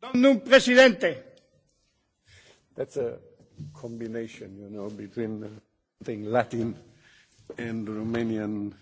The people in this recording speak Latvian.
Domnul președinte. That's a combination, you know, between the thing Latin and Romanian